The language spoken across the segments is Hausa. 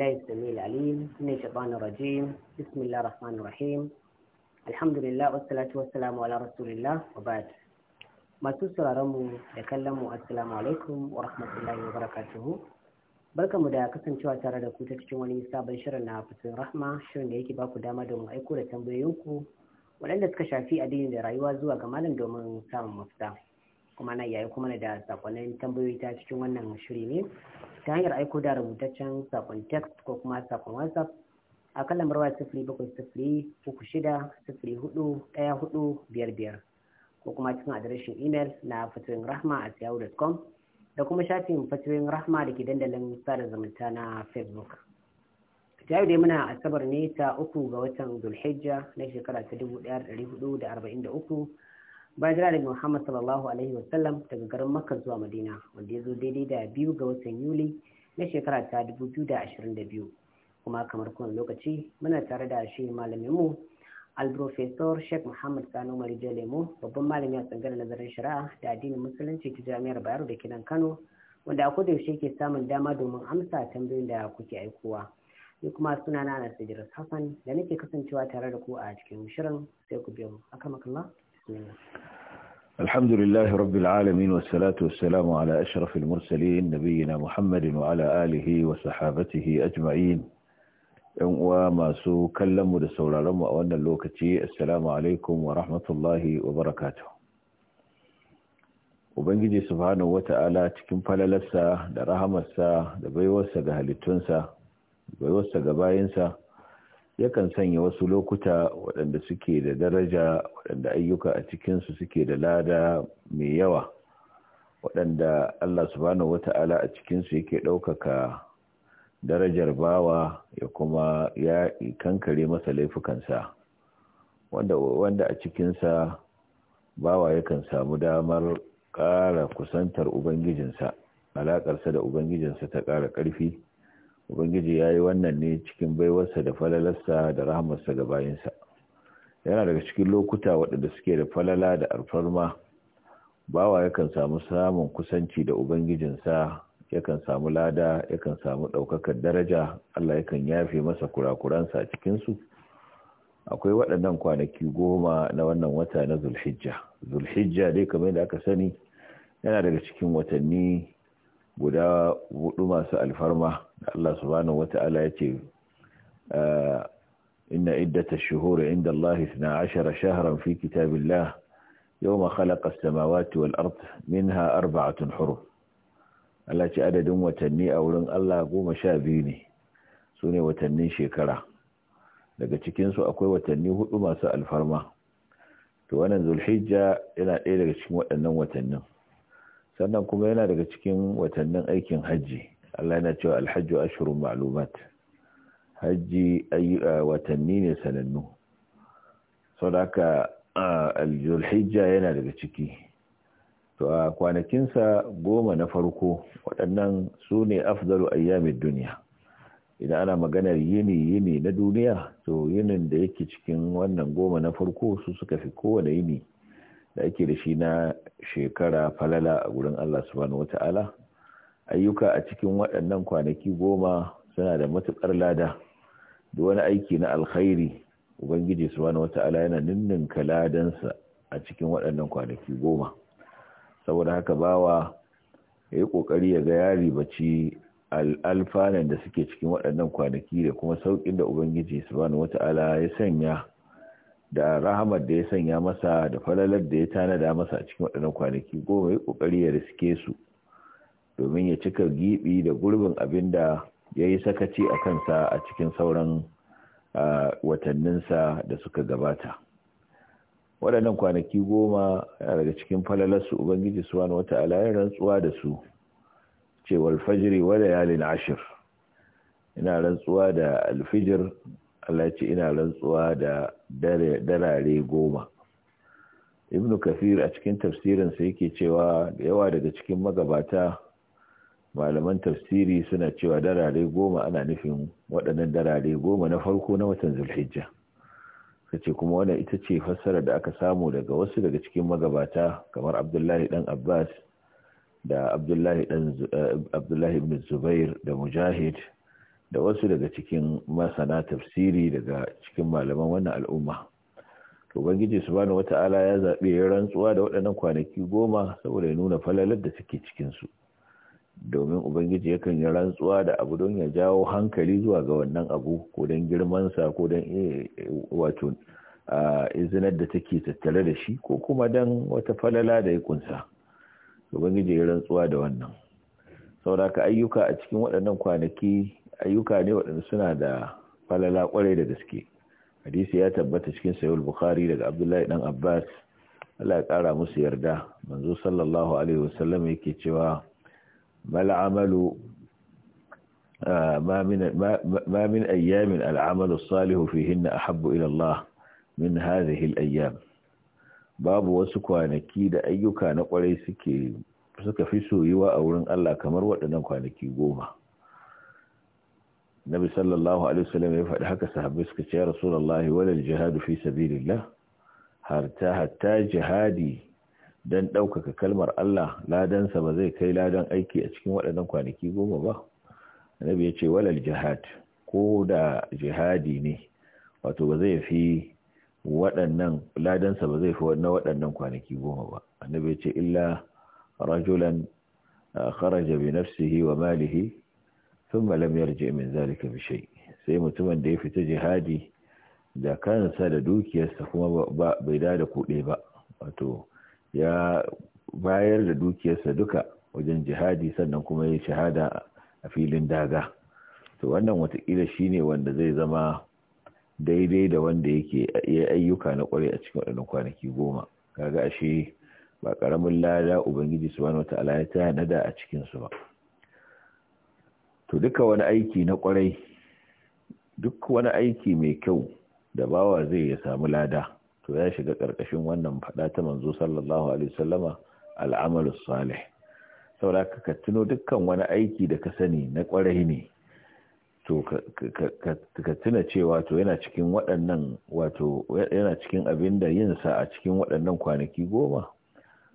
الله السميع العليم من الشيطان الرجيم بسم الله الرحمن الرحيم الحمد لله والصلاة والسلام على رسول الله وبعد masu sauraronmu da kallonmu assalamu alaikum wa rahmatullahi wa mu. barkamu da kasancewa tare da ku ta cikin wani sabon shirin na fitin rahma shirin da yake baku dama domin aiko da tambayoyinku waɗanda suka shafi addini da rayuwa zuwa ga malam domin samun mafita kuma na yayi kuma da sakonnin tambayoyi ta cikin wannan shiri ne ta hanyar aiko da rubutaccen sakon text ko kuma sakon whatsapp a kan lambar waya sifili bakwai sifili uku shida sifiri hudu daya hudu biyar biyar ko kuma cikin adireshin imel na fatirin rahma a siyawu.com da kuma shafin fatirin rahma da ke dandalin sada zumunta na facebook ta yau dai muna asabar ne ta uku ga watan zulhijja na shekara ta dubu daya da dari hudu da arba'in da uku bayan jira da Muhammad sallallahu alaihi wasallam daga garin Makka zuwa Madina wanda ya zo daidai da biyu ga watan Yuli na shekara ta da da ashirin biyu, kuma kamar kowane lokaci muna tare da shi malaminmu professor Sheikh Muhammad Sani Umar Jalemu babban malami a tsangar nazarin shari'a da addinin musulunci ta jami'ar Bayero da kinan Kano wanda a kodayaushe yake samun dama domin amsa tambayoyin da kuke aikowa ni kuma suna sunana Anas Hassan da nake kasancewa tare da ku a cikin shirin sai ku biyo mu akamakallah الحمد لله رب العالمين والصلاة والسلام على أشرف المرسلين نبينا محمد وعلى آله وصحابته أجمعين وما سو كلموا لسولا لما وأن اللوكتي السلام عليكم ورحمة الله وبركاته Ubangiji subhanahu wata'ala cikin falalarsa da rahamarsa da baiwarsa ga halittunsa, baiwarsa ga bayinsa, yakan sanya wasu lokuta waɗanda suke da daraja waɗanda ayyuka a cikinsu suke da lada mai yawa waɗanda Allah subhanahu wata'ala a cikinsu yake ɗaukaka darajar bawa ya kuma ya kankare masa laifukansa wanda, wanda a cikinsa bawa yakan samu damar ƙara kusantar ubangijinsa alaƙarsa da ubangijinsa ta ƙara ƙarfi ubangiji ya yi wannan ne cikin baiwarsa da falalarsa da rahamarsa ga bayansa yana daga cikin lokuta waɗanda suke da falala da alfarma bawa yakan samu samun kusanci da ubangijinsa yakan samu lada yakan samu ɗaukakar daraja allah yakan yafe masa kurakuransa a cikinsu akwai waɗannan kwanaki goma na wannan wata na zulhijja zulhijja dai kamar da aka sani yana daga cikin watanni guda hudu masu alfarma Allah subhanahu wata'ala ya ce ah, inna iddata shuhuri inda Allah na ashara shaharan fi kitabillah yawma khalaqa as-samawati wal ard minha arba'atun hurum Allah ce adadin watanni a wurin Allah goma sha biyu ne su ne watannin shekara daga cikinsu akwai watanni hudu masu alfarma to wannan zulhijja yana ɗaya daga cikin waɗannan watannin sannan kuma yana daga cikin watannin aikin hajji Allah yana cewa alhajju shirin ma'lumat hajji watanni ne sanannu saboda aljulhijja yana daga ciki to a kwanakinsa goma na farko waɗannan su ne afdalu ayyamin duniya idan ana maganar yini yini na duniya to yinin da yake cikin wannan goma na farko su suka fi kowane yini da ake da shi na shekara falala a gurin Allah subhanahu ta'ala ayyuka a cikin waɗannan kwanaki goma suna da matuƙar lada da wani aiki na alkhairi ubangiji subhanahu ta'ala yana ninninka ladansa a cikin waɗannan kwanaki goma saboda haka bawa ya yi ƙoƙari ya ga yari bacci alfanan da suke cikin waɗannan kwanaki da kuma sauƙin da ubangiji subhanahu ta'ala ya sanya da rahamar da ya sanya masa da falalar da ya tanada masa a cikin waɗannan kwanaki goma ya ƙoƙari ya riske su domin ya cika giɓi da gurbin abin da ya yi sakaci a kansa a cikin sauran watanninsa da suka gabata waɗannan kwanaki goma daga cikin falalarsu ubangiji na wata alayin rantsuwa da su cewar fajiri wa yalin ashir ina rantsuwa da alfijir Allah ya ce ina rantsuwa da darare goma Ibn kafir a cikin tafsirinsa yake cewa da yawa daga cikin magabata malaman tafsiri suna cewa darare goma ana nufin waɗannan darare goma na farko na watan zulhijja kace kuma wannan ita ce fassara da aka samu daga wasu daga cikin magabata kamar abdullahi ɗan abbas da abdullahi eh, ibn zubair da mujahid da wasu daga cikin masana tafsiri daga cikin malaman wannan al'umma to ubangiji subhanahu wata'ala ya zaɓe ya rantsuwa da waɗannan kwanaki goma saboda ya nuna falalar da suke cikin su domin ubangiji yakan yi rantsuwa da abu don ya jawo hankali zuwa ga wannan abu ko don girmansa ko don eh, wato izinar da take tattare da shi ko kuma don wata falala da ya kunsa ubangiji ya rantsuwa da wannan sauraka ayyuka a cikin waɗannan kwanaki ayyuka ne waɗanda suna da falala kwarai da gaske hadisi ya tabbata cikin sayul bukhari daga abdullahi dan abbas Allah ya kara musu yarda manzo sallallahu alaihi wasallam yake cewa mal amalu ma min ayyamin al amalu salihu fihinna ahabbu ila Allah min hadhihi al ayyam babu wasu kwanaki da ayyuka na kwarai suke suka fi soyuwa a wurin Allah kamar waɗannan kwanaki goma nabi sallallahu alaihi wasallam ya faɗi haka sahabbai suka ce ya rasulullahi walal jihadu fi sabilillah har ta hatta jihadi dan ɗaukaka kalmar Allah ladansa ba zai kai ladan aiki a cikin waɗannan kwanaki goma ba annabi ya ce walal jihad ko da jihadi ne wato ba zai fi waɗannan ladansa ba zai fi na waɗannan kwanaki goma ba annabi ya ce illa rajulan eh, kharaja bi nafsihi wa malihi sun malamiyar je min zalika bishai sai mutumin da ya fita jihadi da kansa da dukiyarsa kuma bai da da kuɗe ba wato ya bayar da dukiyarsa duka wajen jihadi sannan kuma ya shahada a filin daga to wannan watakila shine wanda zai zama daidai da wanda yake ayyuka na kwarai a cikin waɗannan kwanaki goma kaga ashe ba ƙaramin lada ubangiji subhanahu wataala ya nada a cikin su ba to duka wani aiki na kwarai duk wani aiki mai kyau da bawa zai ya samu lada to ya shiga ƙarƙashin wannan faɗa ta manzo sallallahu alaihi wasallama al'amalu salih saboda ka tuno dukkan wani aiki da ka sani na kwarai ne to ka tuna cewa to yana cikin waɗannan wato yana cikin abin da yin sa a cikin waɗannan kwanaki goma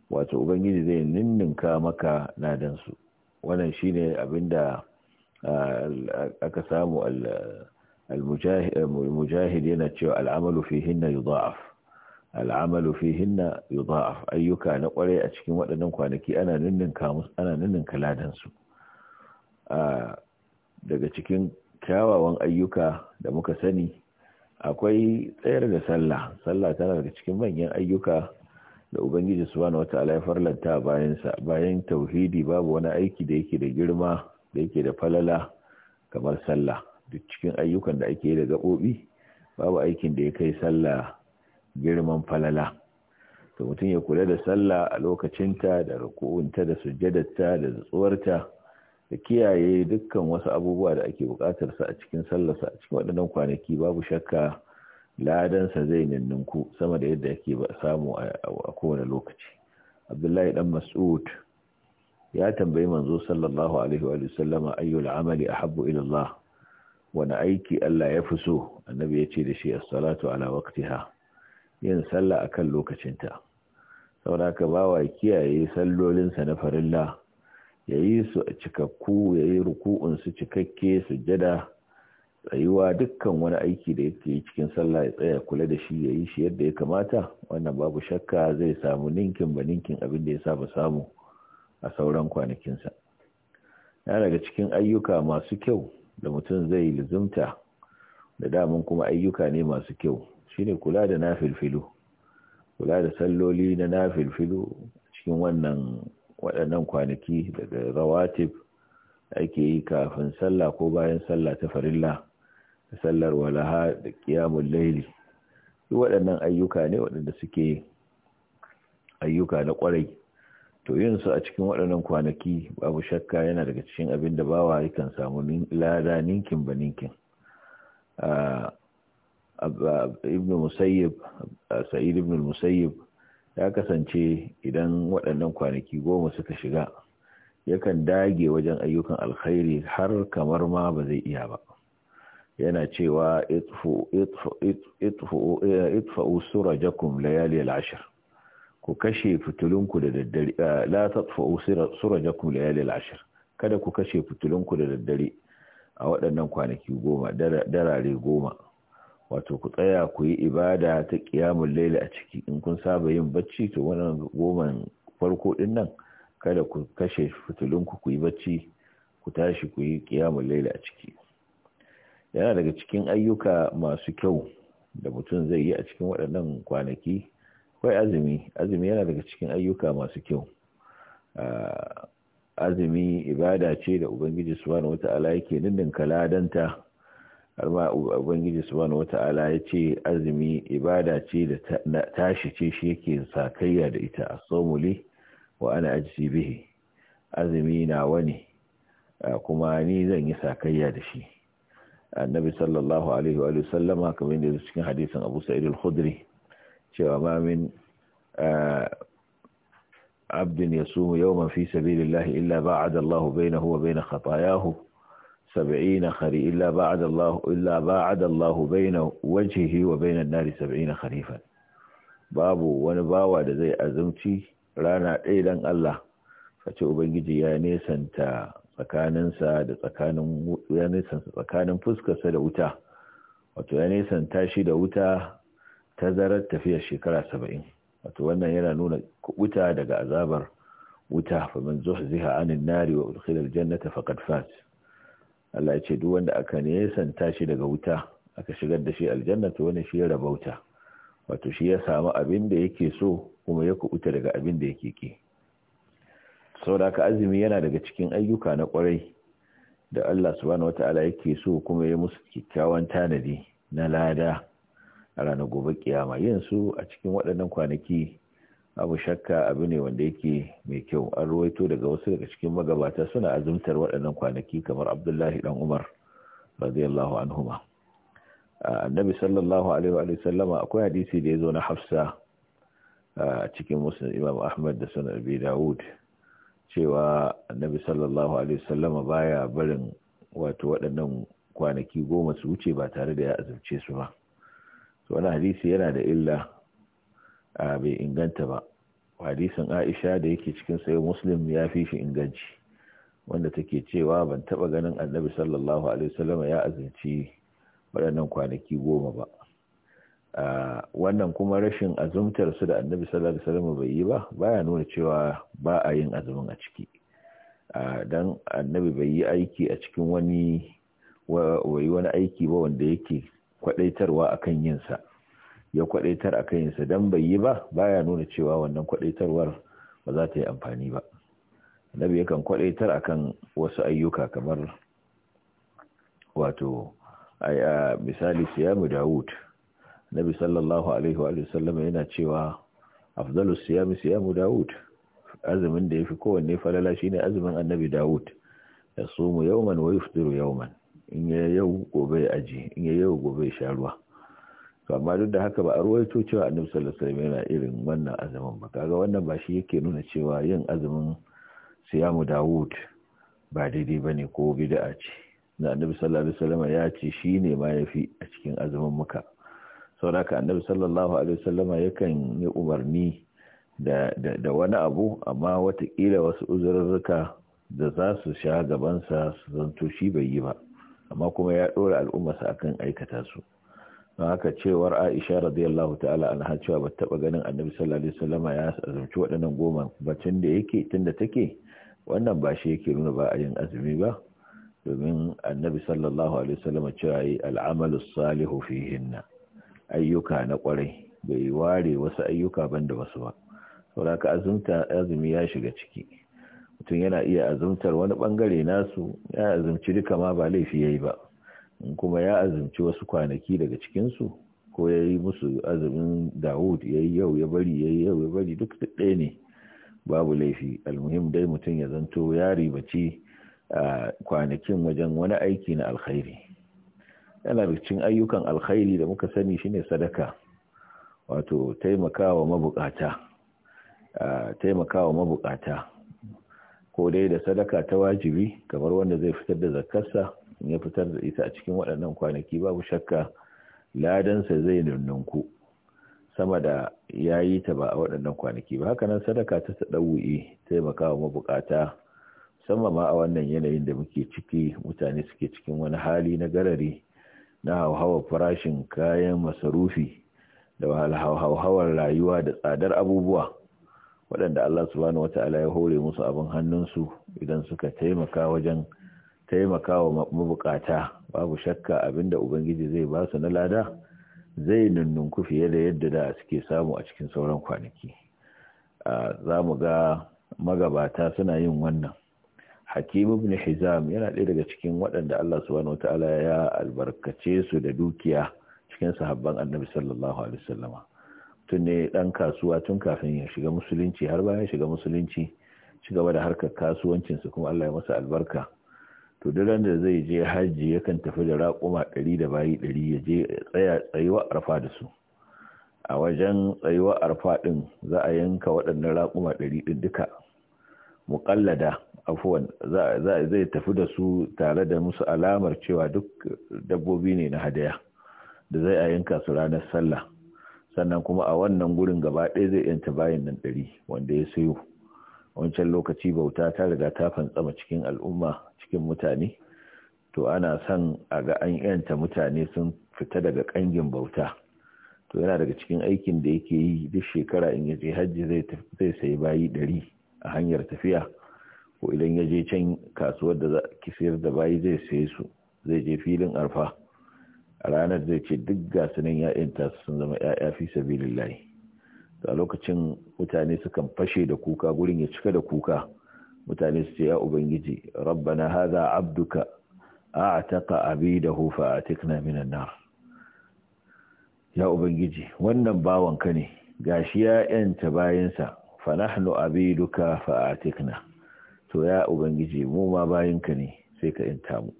wato ubangiji zai ninninka maka nadansu, wannan shine abin da aka samu al-mujahid yana cewa al'amalu fihinna yudha'af al'amalu fihinna yudha'af ayyuka na kwarai a cikin waɗannan kwanaki ana ninnin musu ana daga cikin kyawawan ayyuka da muka sani akwai tsayar da sallah sallah tana daga cikin manyan ayyuka da ubangiji subhanahu wataala ya farlanta bayan sa bayan tauhidi babu wani aiki da yake da girma da yake da falala kamar sallah duk cikin ayyukan da ake yi da gaɓoɓi babu aikin da ya kai sallah girman falala to mutum ya kula da sallah a lokacinta da rukunta da sujjadarta da tsuwarta da kiyaye dukkan wasu abubuwa da ake buƙatar sa a cikin sallarsa a cikin waɗannan kwanaki babu shakka ladansa zai ninninku sama da yadda yake samu a kowane lokaci abdullahi dan mas'ud ya tambayi manzo sallallahu alaihi wa sallama ayyul amali ahabbu ila Allah wani aiki Allah ya fi so annabi ya ce da shi as-salatu ala waqtiha yin sallah akan lokacinta saboda ka bawa kiyaye sallolinsa na farilla yayi yi su a cikakku ya yi su cikakke sujjada tsayuwa dukkan wani aiki da yake cikin sallah ya tsaya kula da shi yayi shi yadda ya kamata wannan babu shakka zai samu ninkin ba ninkin abin da ya saba samu a sauran kwanakinsa ya daga cikin ayyuka masu kyau da mutum zai lizumta da damun kuma ayyuka ne masu kyau shine kula da nafilfilu kula da salloli na nafilfilu cikin wannan waɗannan kwanaki daga rawatib ake yi kafin sallah ko bayan sallah ta farilla da sallar walaha da kiyamun laili duk waɗannan ayyuka ne waɗanda suke ayyuka na ƙwarai to yin su a cikin waɗannan kwanaki babu shakka yana daga cikin abin da ba bawa yakan samu lada ninkin ba ninkin sa'id ibn musayyib ya kasance idan waɗannan kwanaki goma suka shiga yakan dage wajen ayyukan alkhairi har kamar ma ba zai iya ba yana cewa itfa'u surajakum layali al ku kashe fitulunku da daddare eh, la tatfa'u surajakum layalil ashr kada ku kashe fitulunku da daddare a waɗannan kwanaki goma darare goma wato ku tsaya ku yi ibada ta ƙiyamun laila a ciki in kun saba yin bacci to wannan goman farko din nan kada ku kashe fitulunku ku yi bacci ku tashi ku yi ƙiyamun laila a ciki yana daga cikin ayyuka masu kyau da mutum zai yi a cikin waɗannan kwanaki akwai azumi azumi yana daga cikin ayyuka masu kyau ah, azumi ibada ce da ubangiji subhanahu wata'ala yake nindin ladanta har ma ubangiji subhanahu wata'ala ya ce azumi ibada ce da tashi ce shi yake sakayya da ita a sawmu wa ana ajzi bihi azumi na wani ah, kuma ni zan yi sakayya da shi annabi sallallahu alaihi wa sallama kamar yadda cikin hadisin abu sa'id al-khudri cewa ma min eh, abdin ya sumu yawman fi sabilillahi illa huwa bai na wa yahu khatayahu 70 khari illa ba'ada Allahu illa ba'ada Allahu baina wajhihi wa bain an-nari na kharifan babu wani bawa da zai azumci rana ɗaya dan Allah kace ubangiji ya nesanta tsakaninsa da tsakanin ya nesanta tsakanin fuskarsa da wuta wato ya nesanta shi da wuta tazarar tafiyar shekara saba'in wato wannan yana nuna wuta daga azabar wuta fa man zuhziha anin nari wa udkhila aljannata faqad fat Allah ya ce duk wanda aka nesanta shi daga wuta aka shigar da shi aljanna to wani shi ya wuta wato shi ya samu abin da yake so kuma ya kubuta daga abin da yake ki saboda ka azumi yana daga cikin ayyuka na kwarai da Allah subhanahu wataala yake so kuma ya musu kikkiawan tanadi na lada a ranar gobe kiyama yin su a cikin waɗannan kwanaki abu shakka abu ne wanda yake mai kyau an ruwaito daga wasu daga cikin magabata suna azumtar waɗannan kwanaki kamar abdullahi dan umar radiyallahu anhuma annabi sallallahu alaihi wa sallama akwai hadisi da ya zo na hafsa a cikin musulun imam ahmad da sunan abi dawud cewa annabi sallallahu alaihi sallama baya barin wato waɗannan kwanaki goma su wuce ba tare da ya azumce su ba wani hadisi yana da illa a bai inganta ba hadisin aisha da yake cikin sayo muslim ya fi shi inganci wanda take cewa ban taba ganin annabi sallallahu alaihi wasallam ya azanci waɗannan kwanaki goma ba wannan kuma rashin azumtar su da annabi sallallahu alaihi wasallam bai yi ba baya nuna cewa ba a yin azumin a ciki dan annabi bai yi aiki a cikin wani wani aiki ba wanda yake kwadaitarwa akan yinsa ya kwadaitar akan yinsa dan bai yi ba baya nuna cewa wannan kwadaitarwar ba za ta yi amfani ba annabi yakan kwadaitar akan wasu ayyuka kamar wato a misali siyamu Dawud Nabi sallallahu alaihi wa sallam yana cewa afdalus siyami siyamu Dawud azumin da yafi kowanne falala shine azumin Annabi Dawud sumu yawman wa yau yawman in ya yau gobe ya aji in ya yau gobe ya sha ruwa amma duk da haka ba a ruwaito cewa annabi sallallahu alaihi wasallam yana irin wannan azumin ba kaga wannan ba shi yake nuna cewa yin azumin siyamu dawud ba daidai bane ko bid'a ce na annabi sallallahu alaihi wasallam ya ce shine ma yafi a cikin azumin muka saboda annabi sallallahu alaihi wasallam yakan yi umarni da da wani abu amma watakila wasu uzurruka da za su sha gabansa su zanto shi bai yi ba amma kuma ya dora al'ummarsa akan aikata su don haka cewar Aisha radiyallahu ta'ala anha cewa ba taba ganin Annabi sallallahu alaihi wasallama ya azumci waɗannan goma bacin da yake tunda take wannan ba shi yake nuna ba a yin azumi ba domin Annabi sallallahu alaihi wasallama cewa yi al'amalu salihu fihinna ayyuka na kwarai bai ware wasu ayyuka banda wasu ba saboda ka azumta azumi ya shiga ciki mutum yana iya azumtar wani bangare nasu ya azumci duka ma ba laifi ya yi ba kuma ya azumci wasu kwanaki daga cikinsu ko ya yi musu azumin dawud ya yi yau ya bari ya yi yau ya bari duk ɗaya ne babu laifi almuhim dai mutum ya zanto ya ribaci a kwanakin wajen wani aiki na alkhairi yana da cikin ayyukan alkhairi da muka sani shine sadaka wato taimakawa mabukata taimakawa mabukata ko dai da sadaka ta wajibi kamar wanda zai fitar da zakarsa ya fitar da ita a cikin waɗannan kwanaki babu shakka ladansa zai nunnunku sama da ya yi ta ba a waɗannan kwanaki ba nan sadaka ta ɗauwi taimaka wa mabukata sama ma a wannan yanayin da muke ciki mutane suke cikin wani hali na garari na hauhawar farashin kayan masarufi da hauhawar rayuwa da tsadar abubuwa waɗanda Allah subhanahu ya hore musu abin hannunsu idan suka taimaka wajen taimaka wa mabukata babu shakka abinda ubangiji zai ba su na lada zai nunnunku fiye da yadda da suke samu a cikin sauran kwanaki za mu ga magabata suna yin wannan hakim ibn hizam yana ɗaya daga cikin waɗanda Allah subhanahu ya albarkace su da dukiya cikin sahabban annabi sallallahu alaihi wasallama tun ne ɗan kasuwa tun kafin ya shiga musulunci har bayan shiga musulunci ci gaba da harkar kasuwancinsa kuma Allah ya masa albarka to duk da zai je hajji yakan tafi da raƙuma ɗari da bayi ɗari ya je tsaya tsayuwa arfa da su a wajen tsayuwa arfa ɗin za a yanka waɗannan raƙuma ɗari ɗin duka muƙallada afuwan zai tafi da su tare da musu alamar cewa duk dabbobi ne na hadaya da zai a yanka su ranar sallah sannan kuma a wannan gurin gaba ɗaya zai yanta bayan nan ɗari wanda ya sayo wancan lokaci bauta ta riga ta fantsama cikin al'umma cikin mutane to ana son a ga an yanta mutane sun fita daga ƙangin bauta to yana daga cikin aikin da yake yi duk shekara in yaje hajji zai sayi bayi ɗari a hanyar tafiya ko idan ya je can kasuwar da ki sayar da bayi zai sayi su zai je filin arfa a ranar zai ce duk gasunan ya'yanta sun zama ya'ya fi layi a lokacin mutane sukan fashe da kuka gurin ya cika da kuka mutane su ce ya ubangiji rabbana haza abduka a da hufa fa tekna minan nar ya ubangiji wannan bawanka ne gashi ya yanta bayansa fa abi duka fa a tekna to ya ubangiji mu ma bayanka ne sai ka yanta mu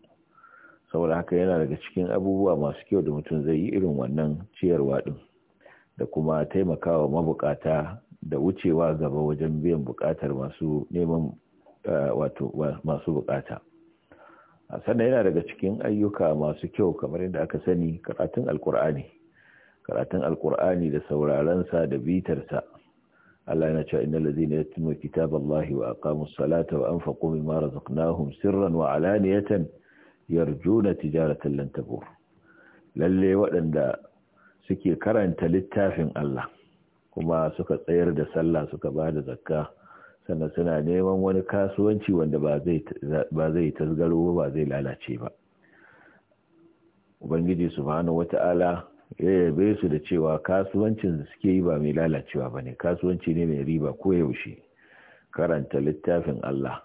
saboda haka yana daga cikin abubuwa masu kyau da mutum zai yi irin wannan ciyarwa din da kuma taimakawa mabukata da wucewa gaba wajen biyan bukatar masu neman eh, wato masu bukata sannan yana daga cikin ayyuka masu kyau kamar yadda aka sani karatun alkur'ani karatun alkur'ani da saurarensa da bitarsa Allah yana cewa innal ladzina yatluna kitaballahi wa aqamus salata wa anfaqu mimma razaqnahum sirran wa alaniyatan yarjuna tijaratan lan tabur lalle waɗanda suke karanta littafin Allah kuma suka tsayar da sallah suka bada zakka sannan suna neman wani kasuwanci wanda ba zai tasgaro ba zai lalace ba ubangiji subhanahu wata'ala ya yabe su da cewa kasuwancin da suke yi ba mai lalacewa ba ne kasuwanci ne mai riba ko yaushe karanta littafin Allah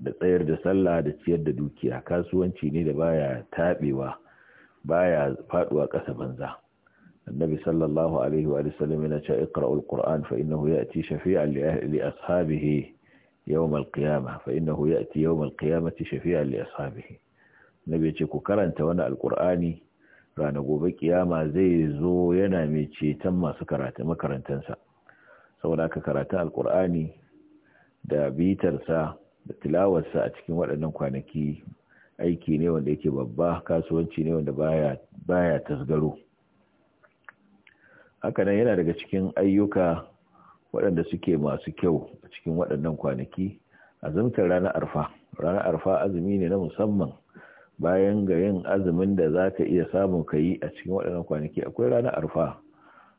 da tsayar da sallah da ciyar da dukiya kasuwanci ne da baya tabewa baya faduwa ƙasa banza annabi sallallahu alaihi wa sallam yana cewa iqra'ul qur'an fa innahu ya'ti shafi'an li ashabihi yawm al-qiyamah fa innahu ya'ti yawm al-qiyamati shafi'an li ashabihi nabi ce ku karanta wani alqur'ani rana gobe kiyama zai zo yana mai ceton masu karatu makarantansa saboda aka karata alqur'ani da bitarsa da tilawarsa a cikin waɗannan kwanaki aiki ne wanda yake babba kasuwanci ne wanda baya tasgaro hakanan yana daga cikin ayyuka waɗanda suke masu kyau a cikin waɗannan kwanaki azumtar ranar arfa ranar arfa azumi ne na musamman bayan ga yin azumin da za ka iya samun ka yi a cikin waɗannan kwanaki akwai ranar arfa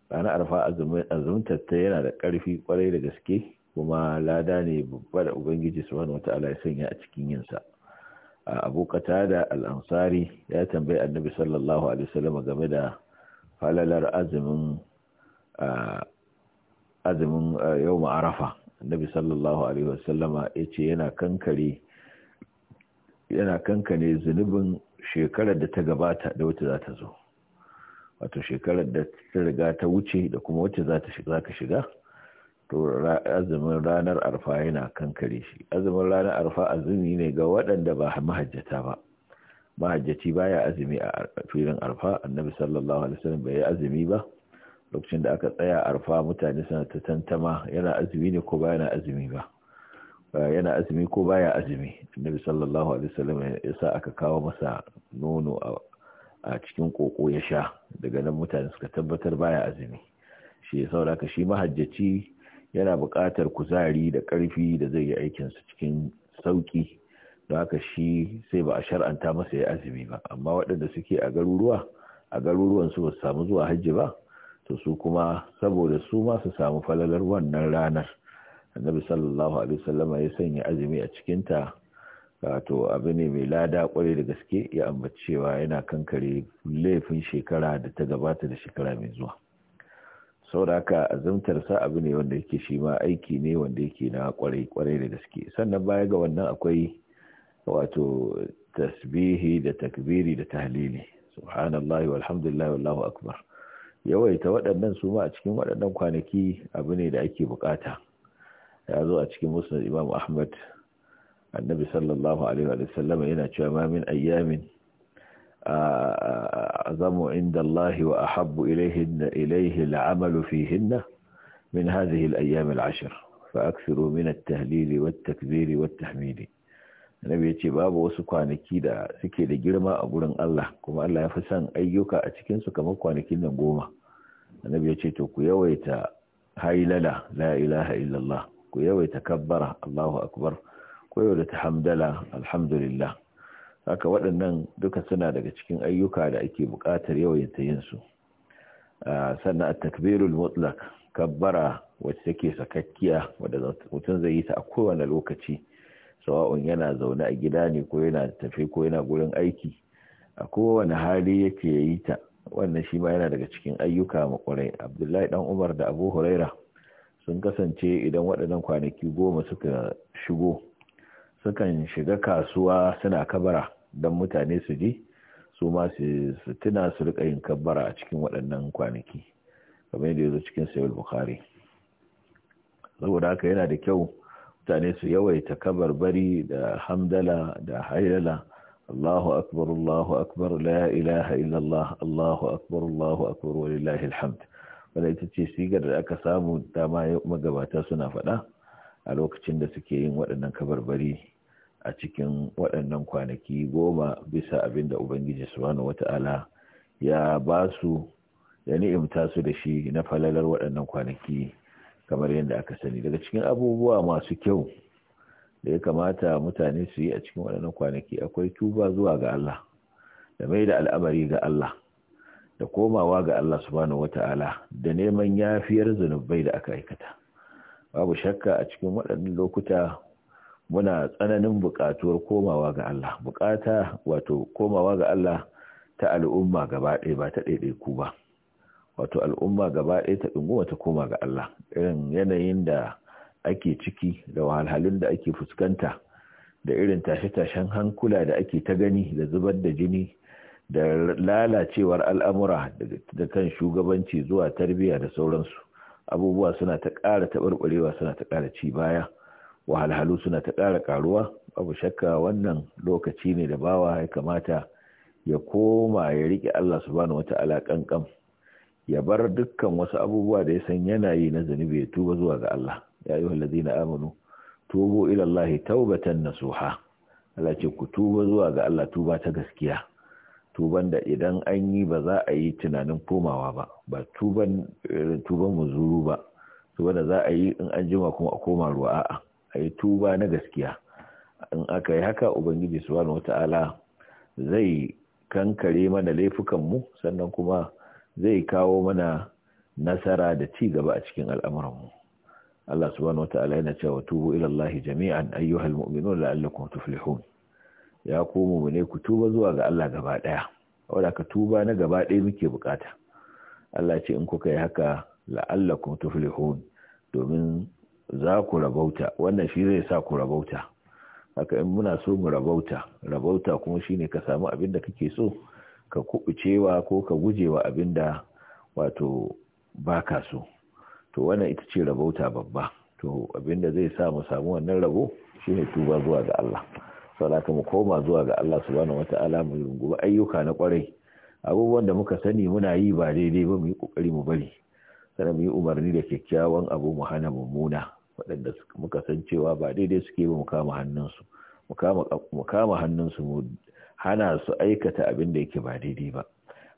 ranar arfa azumtar ta yana da ƙarfi ƙwarai da gaske kuma lada ne babba da ubangiji subhanahu wataala ya sanya a cikin yinsa sa abu da al-ansari ya tambayi annabi sallallahu alaihi game da falalar azumin azumin yau arafa annabi sallallahu alaihi wasallam yace yana yana kankane zunubin shekarar da ta gabata da wata za ta zo wato shekarar da ta riga ta wuce da kuma wata za ka shiga to azumin ranar arfa yana kan kare shi azumin ranar arfa azumi ne ga waɗanda ba mahajjata ba mahajjaci baya azumi a filin arfa annabi sallallahu alaihi wasallam bai azumi ba lokacin da aka tsaya arfa mutane suna ta tantama yana azumi ne ko baya azumi ba yana azumi ko baya azumi annabi sallallahu alaihi wasallam ya sa aka kawo masa nono a cikin koko ya sha daga nan mutane suka tabbatar baya azumi shi saboda ka shi mahajjaci yana buƙatar kuzari da ƙarfi da zai yi aikin su cikin sauƙi da haka shi sai ba a shar'anta masa ya azumi ba amma waɗanda suke a garuruwa a garuruwan su ba samu zuwa hajji ba to su kuma saboda su ma su samu falalar wannan ranar annabi sallallahu alaihi wasallama ya sanya azumi a cikin ta wato abu ne mai lada kware da gaske ya ambacewa yana kankare laifin shekara da ta gabata da shekara mai zuwa sauraka sa abu ne wanda yake shi ma aiki ne wanda yake na kwarai kwarai da gaske sannan baya ga wannan akwai wato tasbihi da takbiri da tahlili subhanallahi walhamdulillahi wallahu akbar yawaita waɗannan su ma a cikin waɗannan kwanaki abu ne da ake bukata ya zo a cikin musnad imam ahmad annabi sallallahu alaihi wa sallam yana cewa ma min ayyamin أعظم عند الله وأحب إليه, إليه العمل فيهن من هذه fa العشر فأكثروا من التهليل والتكبير والتحميل Annabi ya ce babu wasu kwanaki da suke da girma a gurin Allah kuma Allah ya fi son ayyuka a cikin su kamar kwanakin nan goma. Annabi ya ce to ku yawaita hailala la ilaha illallah ku yawaita kabbara Allahu akbar ku yawaita hamdala alhamdulillah haka waɗannan duka suna daga cikin ayyuka da ake buƙatar ta yin su sannan a takbirul mutlak kabbara wacce take sakakkiya wadda mutum zai yi ta a kowane lokaci sawa'un yana zaune a gida ne ko yana tafe ko yana gurin aiki a kowane hali yake yi ta wannan shi ma yana daga cikin ayyuka makwarai abdullahi dan umar da abu huraira sun kasance idan waɗannan kwanaki goma suka shigo sukan shiga kasuwa suna kabara don mutane su ji su ma su tuna su rika yin kabbara a cikin waɗannan kwanaki kamar yadda yanzu cikin sayar bukhari saboda haka yana da kyau mutane su yawaita kabarbari da hamdala da hailala Allahu akbar Allahu akbar la ilaha illallah Allahu akbar Allahu akbar walillahi alhamd wanda ita ce sigar da aka samu dama magabata suna faɗa a lokacin da suke yin waɗannan kabarbari a cikin waɗannan kwanaki goma bisa abin da ubangiji subhanahu wata'ala ya ba su ya ni'imta su da shi na falalar waɗannan kwanaki kamar yadda aka sani daga cikin abubuwa masu kyau da ya kamata mutane su yi a cikin waɗannan kwanaki akwai tuba zuwa ga Allah da mai da al'amari ga Allah da komawa ga Allah subhanahu wata'ala da neman yafiyar zunubai da aka aikata babu shakka a cikin waɗannan lokuta muna tsananin buƙatuwar komawa ga Allah buƙata wato komawa ga Allah ta al'umma gaba ɗaya ba ta ɗaiɗaiku ba wato al'umma gaba ɗaya ta ɗunguma ta koma ga Allah irin yanayin da ake ciki da wahalhalun da ake fuskanta da irin tashe-tashen hankula da ake ta gani da zubar da jini da lalacewar al'amura da kan shugabanci zuwa tarbiyya da sauransu abubuwa suna ta ƙara taɓarɓarewa suna ta ƙara ci baya wahalhalu suna ta ƙara ƙaruwa abu shakka wannan lokaci ne da bawa ya kamata ya koma ya riƙe Allah su subhanahu wata'ala kankan ya bar dukkan wasu abubuwa da ya san yana yi na zunubi ya tuba zuwa ga Allah ya yi ladina amanu tubo tubo ilallahi taubatan nasuha Allah ce ku tuba zuwa ga Allah tuba ta gaskiya tuban da idan an yi ba za a yi tunanin komawa ba ba tuban eh, tuban muzuru ba tuban da za a yi in an jima kuma a koma ruwa a'a a yi tuba na gaskiya in aka yi haka ubangiji subhanahu wata'ala zai kankare mana laifukanmu sannan kuma zai kawo mana nasara da ci gaba a cikin al'amuranmu Allah subhanahu wata'ala yana cewa tubu ila Allah jami'an ayyuhal mu'minun la'allakum tuflihun ya ku mu'mine ku tuba zuwa ga Allah gaba daya wanda ka tuba na gaba daya muke bukata Allah ce in kuka yi haka la'allakum tuflihun domin za ku rabauta wannan shi zai sa ku rabauta haka in muna so mu rabauta rabauta kuma shi ne ka samu abin da kake so ka kubucewa ko ka gujewa abin da wato baka so to wannan ita ce rabauta babba to abin da zai sa mu samu wannan rabo shi ne tuba zuwa ga Allah saboda mu koma zuwa ga Allah subhanahu wataala mu rungumi ayyuka na kwarai abubuwan da muka sani muna yi ba daidai ba mu yi kokari mu bari sannan mu yi umarni da kyakkyawan abu mu hana mummuna waɗanda muka san cewa ba daidai suke ba mu kama hannunsu mu kama hannunsu mu hana su aikata abin da yake ba daidai ba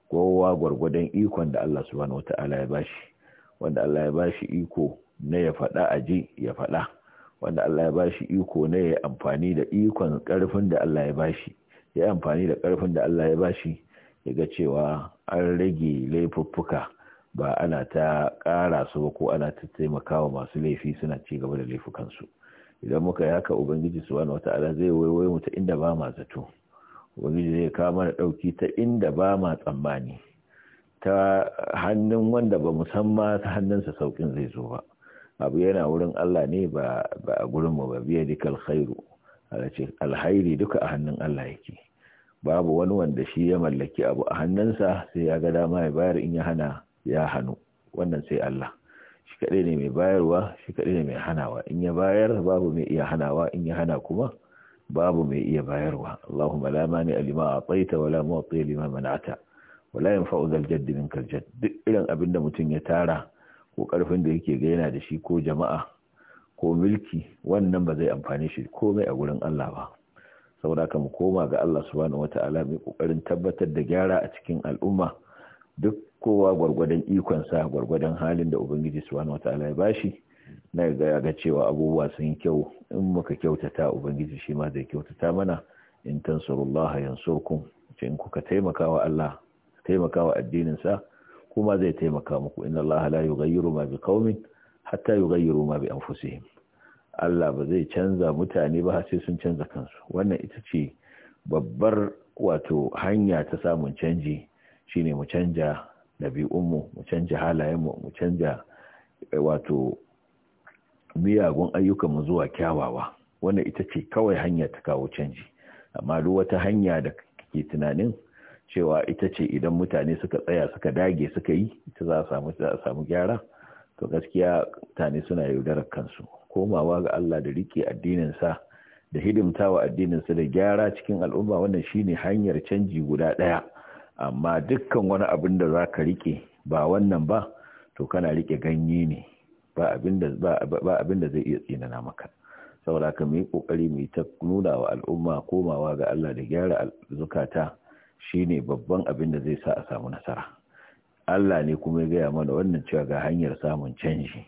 kowa gwargwadon ikon da Allah subhanahu wata'ala ya bashi wanda Allah ya bashi iko na ya faɗa ji ya faɗa wanda Allah ya bashi iko na ya amfani da ikon ƙarfin da Allah ya bashi ya amfani da ƙarfin da Allah ya bashi ya ga cewa an rage laifuffuka ba ana ta ƙara su ba ko ana ta taimakawa masu laifi suna ci gaba da laifukansu idan muka yi haka ubangiji su wani wata ala zai waiwai mu ta inda ba ma zato ubangiji zai kawo mana ɗauki ta inda ba ma tsammani ta hannun wanda ba musamman ta hannunsa saukin zai zo ba abu yana wurin Allah ne ba a gurin mu ba biya duk alkhairu alhairi duka a hannun Allah yake babu wani wanda shi ya mallaki abu a hannunsa sai ya ga dama ya bayar in ya hana ya hannu wannan sai Allah shi kaɗe ne mai bayarwa shi kaɗe ne mai hanawa in ya bayar babu mai iya hanawa in ya hana kuma babu mai iya bayarwa Allahumma la mani alima wa wala mu'ti lima man'ata wala yin zal jadd minkal jadd duk irin abin da mutum ya tara ko karfin da yake ga yana da shi ko jama'a ko milki wannan ba zai amfani shi komai a gurin Allah ba saboda haka mu koma ga Allah subhanahu wataala mai kokarin tabbatar da gyara a cikin al'umma duk kowa gwargwadon ikonsa gwargwadon halin da ubangiji subhanahu wataala ya shi, na ga ga cewa abubuwa sun yi kyau in muka kyautata ubangiji shi ma zai kyautata mana in tansurullaha yansurkum ce in kuka taimaka wa Allah taimaka addinin sa kuma zai taimaka muku inna Allah la yughayyiru ma biqaumin hatta yughayyiru ma bi anfusihim Allah ba zai canza mutane ba sai sun canza kansu wannan ita ce babbar wato hanya ta samun canji shine mu canja ɗabi'unmu mu canja halayenmu mu canja eh, wato miyagun ayyukanmu zuwa kyawawa wannan ita ce kawai hanya ta kawo canji amma duk wata hanya da ke tunanin cewa ita ce idan mutane suka tsaya suka dage suka yi ita za a samu gyara to gaskiya mutane suna yaudarar kansu komawa ga Allah da rike addininsa da hidimtawa addininsa da gyara cikin al'umma wannan shine hanyar canji guda ɗaya amma dukkan wani abin da za ka rike ba wannan ba to kana rike ganye ne ba abin da zai iya tsinana maka saboda ka mai kokari mai ta nuna wa al'umma komawa ga Allah da gyara zukata shine babban abin da zai sa a samu nasara Allah ne kuma ya gaya mana wannan cewa ga hanyar samun canji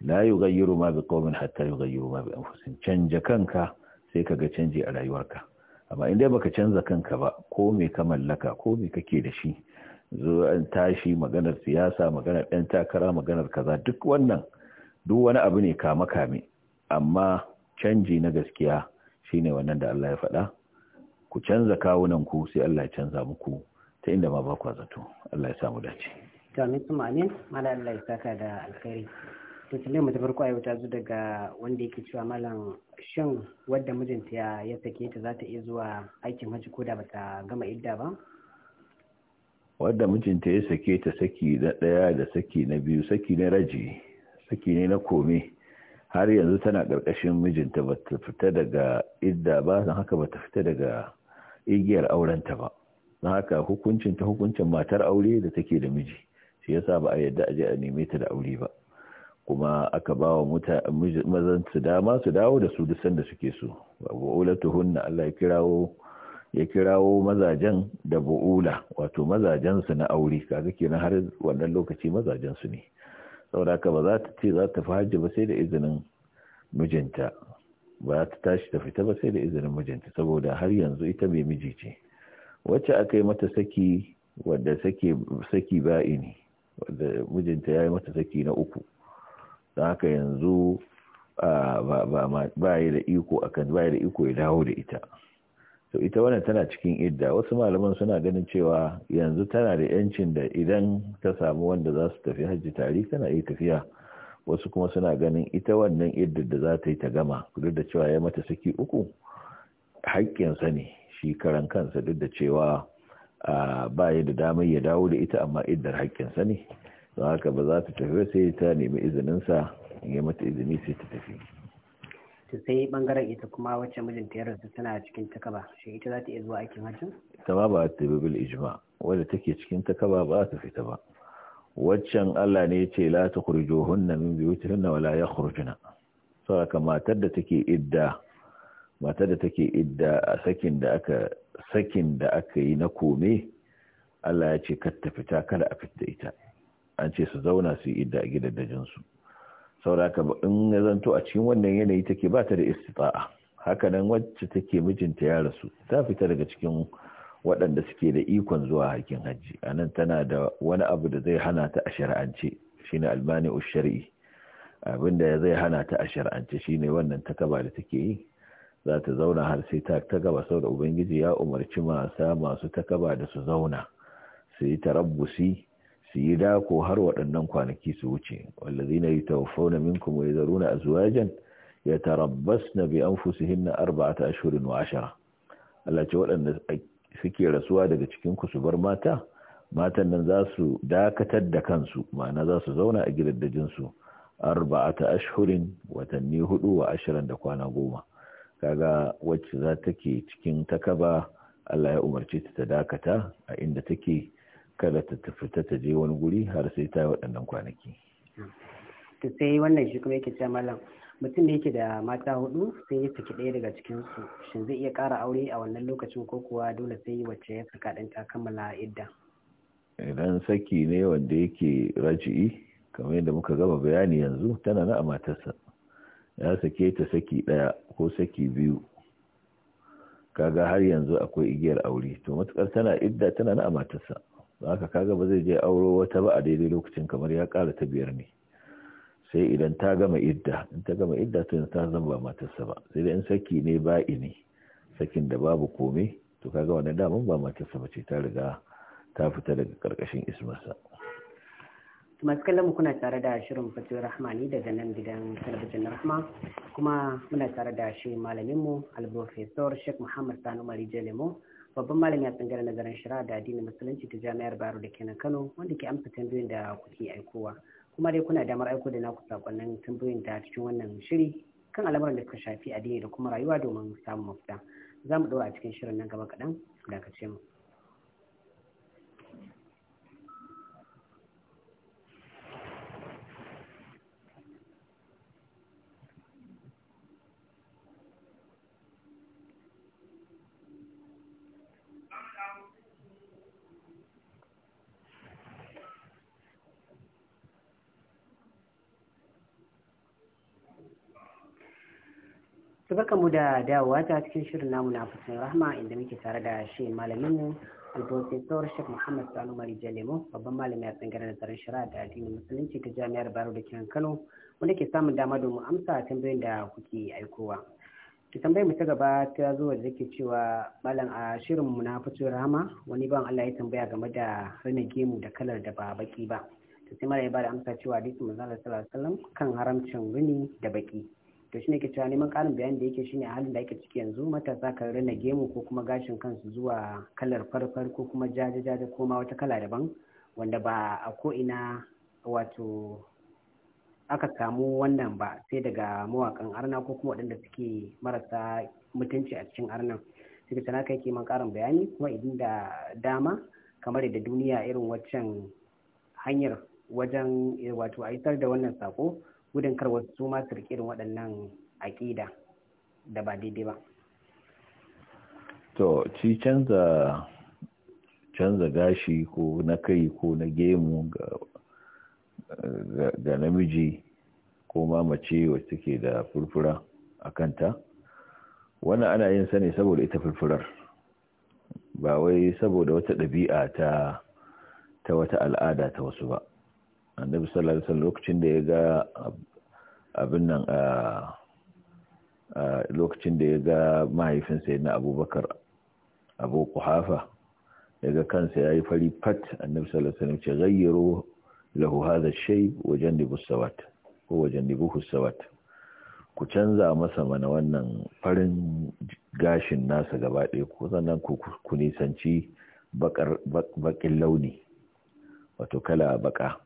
la yughayyiru ma biqawmin hatta yughayyiru ma bi anfusihim canja kanka sai ka ga canji a rayuwarka amma in dai baka canza kanka ba ko me ka mallaka ko me kake da shi zo tashi maganar siyasa maganar ɗan takara maganar kaza duk wannan duk wani abu ne kama kame amma canji na gaskiya shine wannan da Allah ya faɗa ku canza kawunan ku sai Allah ya canza muku ta inda ma ba ku zato Allah ya samu dace to amin mala ya saka da alkhairi to tambayar ta farko a yau ta zo daga wanda yake cewa malam shin wadda mijinta ya sake ta za ta iya zuwa aikin hajji ko da bata gama idda ba wadda mijinta ya sake ta saki na ɗaya da saki na biyu saki na raji saki ne na kome har yanzu tana ƙarƙashin mijinta ba ta fita daga idda ba don haka ba ta fita daga igiyar aurenta ba don haka hukuncin ta hukuncin matar aure da take da miji shi yasa ba a yadda a je a neme ta da aure ba kuma aka ba wa mazan su dama su dawo da su duk sanda suke so bu'ula tuhunna Allah ya kirawo ya kirawo mazajen da bu'ula wato mazajen su na aure kaga kenan har wannan lokaci mazajen su ne saboda ba za ta ce za ta fahaji hajji ba sai da izinin mijinta ba ta tashi ta fita ba sai da izinin mijinta saboda har yanzu ita mai miji ce wacce aka yi mata saki wadda saki saki ba'i ne wadda mijinta ya yi mata saki na uku don haka yanzu ba yi da iko akan ba da iko ya dawo da ita to ita wannan tana cikin idda wasu malaman suna ganin cewa yanzu tana da yancin da idan ta samu wanda za su tafi hajji tare tana yi tafiya wasu kuma suna ganin ita wannan idda da za ta yi ta gama duk da cewa ya mata saki uku haƙƙinsa ne shi karan kansa duk da cewa ba yi da damar ya dawo da ita amma iddar haƙƙinsa ne don haka ba za ta tafi sai ta nemi izininsa ya mata izini sai ta tafi Ta sai bangaren ita kuma wacce mijinta ya rasu tana cikin takaba shi ita za ta iya zuwa aikin hajji? ta ba ba ta bi bil ijma wanda take cikin takaba ba ta fita ba waccan Allah ne ce la hunna min buyutihinna wala yakhrujna saboda matar da take idda matar da take idda a sakin da aka sakin da aka yi na kome Allah ya ce kar ta fita kada a fita ita an ce su zauna su yi idda a gidaddajinsu sauraka in ya zanto a cikin wannan yanayi take ba ta da istita'a hakanan wacce take mijinta ya rasu ta fita daga cikin waɗanda suke da ikon zuwa hakin hajji a nan tana da wani abu da zai hana ta a shari'ance shine almani shari'i abin da zai hana ta a shari'ance shine wannan takaba da take yi za ta zauna har sai ta takaba sau ubangiji ya umarci masa masu takaba da su zauna su yi tarabbusi su yi dako har waɗannan kwanaki su wuce wallazi na yi tawafauna minkum zaru na azuwajen ya tarabbas na bi arba ta ashirin wa ashara Allah ce waɗanda suke rasuwa daga cikin ku su bar mata matan nan za su dakatar da kansu ma'ana za su zauna a gidaddajin su ta ashirin watanni hudu wa ashirin da kwana goma kaga wacce za take cikin takaba Allah ya umarci ta ta dakata a inda take kada ta fita ta je wani guri har sai ta yi waɗannan kwanaki Ta sai wannan shi kuma yake ce malam mutum da yake da mata hudu sai ya saki ɗaya daga cikin su shin zai iya ƙara aure a wannan lokacin ko kuwa dole sai wacce ya saka ɗan ta kammala idda idan saki ne wanda yake raji'i kamar yadda muka gaba bayani yanzu tana na a matarsa ya sake ta saki ɗaya ko saki biyu kaga har yanzu akwai igiyar aure to matukar tana idda tana na a matarsa ba ka kaga ba zai je auro wata ba a daidai lokacin kamar ya ƙara ta biyar ne sai idan ta gama idda in ta gama idda to ta zama ba matarsa ba sai da in saki ne ba ne sakin da babu komai to kaga wannan daman ba matarsa ba ce ta riga ta fita daga karkashin ismarsa masu kallon kuna tare da shirin fatiyo rahmani daga nan gidan talabijin rahma kuma muna tare da shi malaminmu alprofesor sheikh muhammad sanu marijalemo babban malam ya tsangara nazarin shari'a da addinin musulunci ta jami'ar baro da kenan kano wanda ke amsa tambayoyin da kuke aikowa kuma dai kuna damar aiko da naku sakonnin tambayoyin da cikin wannan shiri kan al'amuran da suka shafi addini da kuma rayuwa domin samun mafita za mu ɗora cikin shirin nan gaba kaɗan da ka ce mu. su mu da dawowa ta cikin shirin namu na fasirin rahama inda muke tare da shi malaminmu alprofesor shek muhammad sanu mari jalemo babban malami a tsangaren tsarin shari'a da addinin musulunci ta jami'ar Baro da kiran kano wanda ke samun dama domin amsa tambayoyin da kuke aikowa Ki tambayar mu ta gaba ta zo da cewa malam a shirin mu na rahama wani ban allah ya tambaya game da rina gemu da kalar da ba baki ba ta sai mara ya ba da amsa cewa hadisin manzo sallallahu alaihi wasallam kan haramcin rini da baki to shine ke cewa neman karin bayanin da yake shine a halin da ake ciki yanzu matasa kan rina gemu ko kuma gashin kansu zuwa kalar farfar ko kuma jaje-jaje ko ma wata kala daban wanda ba a ko ina wato aka samu wannan ba sai daga mawakan arna ko kuma waɗanda suke marasa mutunci a cikin arnan suke sana kai kiman ƙarin bayani kuma idan da dama kamar da duniya irin waccan hanyar wajen eh, wato aitar da wannan sako gudun kar wasu su ma su riƙe irin waɗannan aƙida da ba daidai ba to ci canza canza gashi ko na kai ko na gemu ga namiji ko ma mace wacce ke da furfura a kanta wannan ana yin sa ne saboda ita furfurar ba wai saboda wata ɗabi'a ta ta wata al'ada ta wasu ba annabi sallallahu alaihi wasallam lokacin da ya ga abin nan a lokacin da ya ga mahaifinsa yana abubakar abu kuhafa ya ga kansa ya yi fari fat annabi sallallahu alaihi wasallam ce gayyaro lahu hadha shay wajen dibu sawat ko wajen dibu husawat ku canza masa mana wannan farin gashin nasa gaba ɗaya ko sannan ku nisanci bakin launi wato kala baƙa.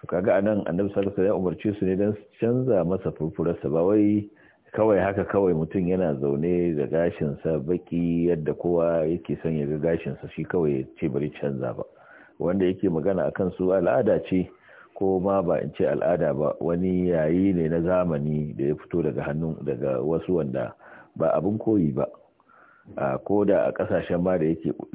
to kaga anan annabi sallallahu alaihi ya umarce su ne dan canza masa furfurarsa ba wai kawai haka kawai mutum yana zaune da gashinsa baki yadda kowa yake son ya ga gashinsa shi kawai ya ce bari canza ba wanda yake magana akan su al'ada ce ko ma ba in ce al'ada ba wani yayi ne na zamani da ya fito daga hannun daga wasu wanda ba abin koyi ba ko da a kasashen ma da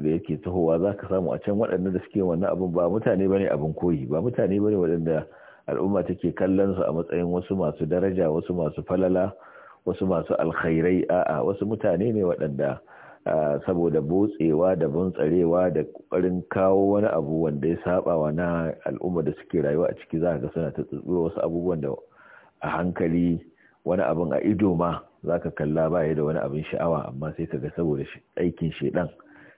yake tahowa za ka samu a can waɗanda da suke wannan abin ba mutane bane abin koyi ba mutane bane waɗanda al'umma take kallon su a matsayin wasu masu daraja wasu masu falala wasu masu alkhairai a'a wasu mutane ne waɗanda saboda botsewa da buntsarewa da ƙoƙarin kawo wani abu wanda ya wa na al'umma da suke rayuwa a ciki za ga suna ta tsitsuro wasu abubuwan da a hankali wani abin a ido ma zaka kalla ba da wani abin sha'awa amma sai ga saboda aikin shedan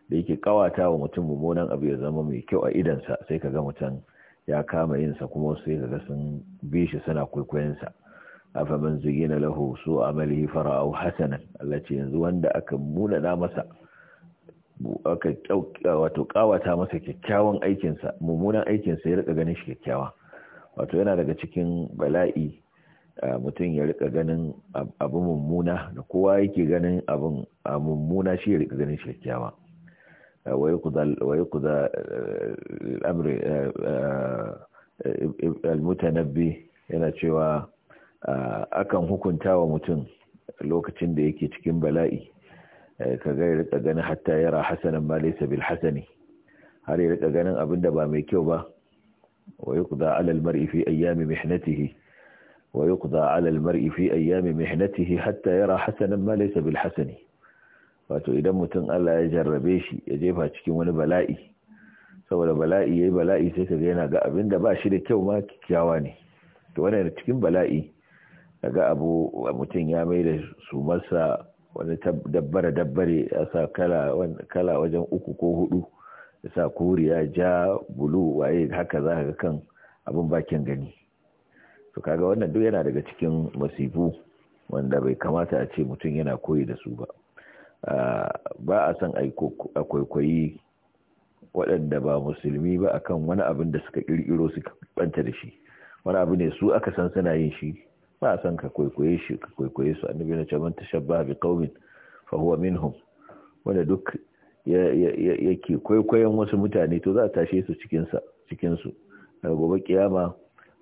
da yake kawata wa mutum mummunan abu ya zama mai kyau a idansa sai ka ga mutum ya kama yinsa kuma sai ga sun bi shi suna kwaikwayonsa afaman zuyyina lahu su amalihi fara'au hasanan Allah ce yanzu wanda aka munana masa aka wato kawata masa kyakkyawan aikinsa mummunan aikinsa ya rika ganin shi kyakkyawa wato yana daga cikin bala'i mutum ya rika ganin abu mummuna da kowa yake ganin abin mummuna shi ya rika ganin shi kyakkyawa ku yakuza al'amri eh, eh, eh, yana cewa akan hukunta wa mutum lokacin da yake cikin bala'i ka gari rika ganin hatta yara hasanan ma laisa bil hasani har ya rika ganin abin da ba mai kyau ba ku za alal mar'i fi ayyami mihnatihi ويقضى على المرء في أيام محنته حتى يرى حسنا ما ليس بالحسن wato idan mutum Allah ya jarrabe shi ya jefa cikin wani bala'i saboda bala'i yayi bala'i sai ka yana ga abin da ba shi da kyau ma kyakkyawa ne to wannan cikin bala'i daga abu mutum ya mai da sumarsa wani dabbare dabbare ya sa kala kala wajen uku ko hudu ya sa koriya ja bulu waye haka za ka kan abin bakin gani to kaga wannan duk yana daga cikin masifu wanda bai kamata a ce mutum yana koyi da su ba ba a san a kwaikwayi waɗanda ba musulmi ba akan wani abin da suka ƙirƙiro suka banta da shi wani abu ne su aka san suna yin shi ba a san ka kwaikwaye shi ka kwaikwaye su annabi na ta shabba bi qaumin fa huwa minhum wanda duk yake kwaikwayon wasu mutane to za a tashe su cikin sa gobe kiyama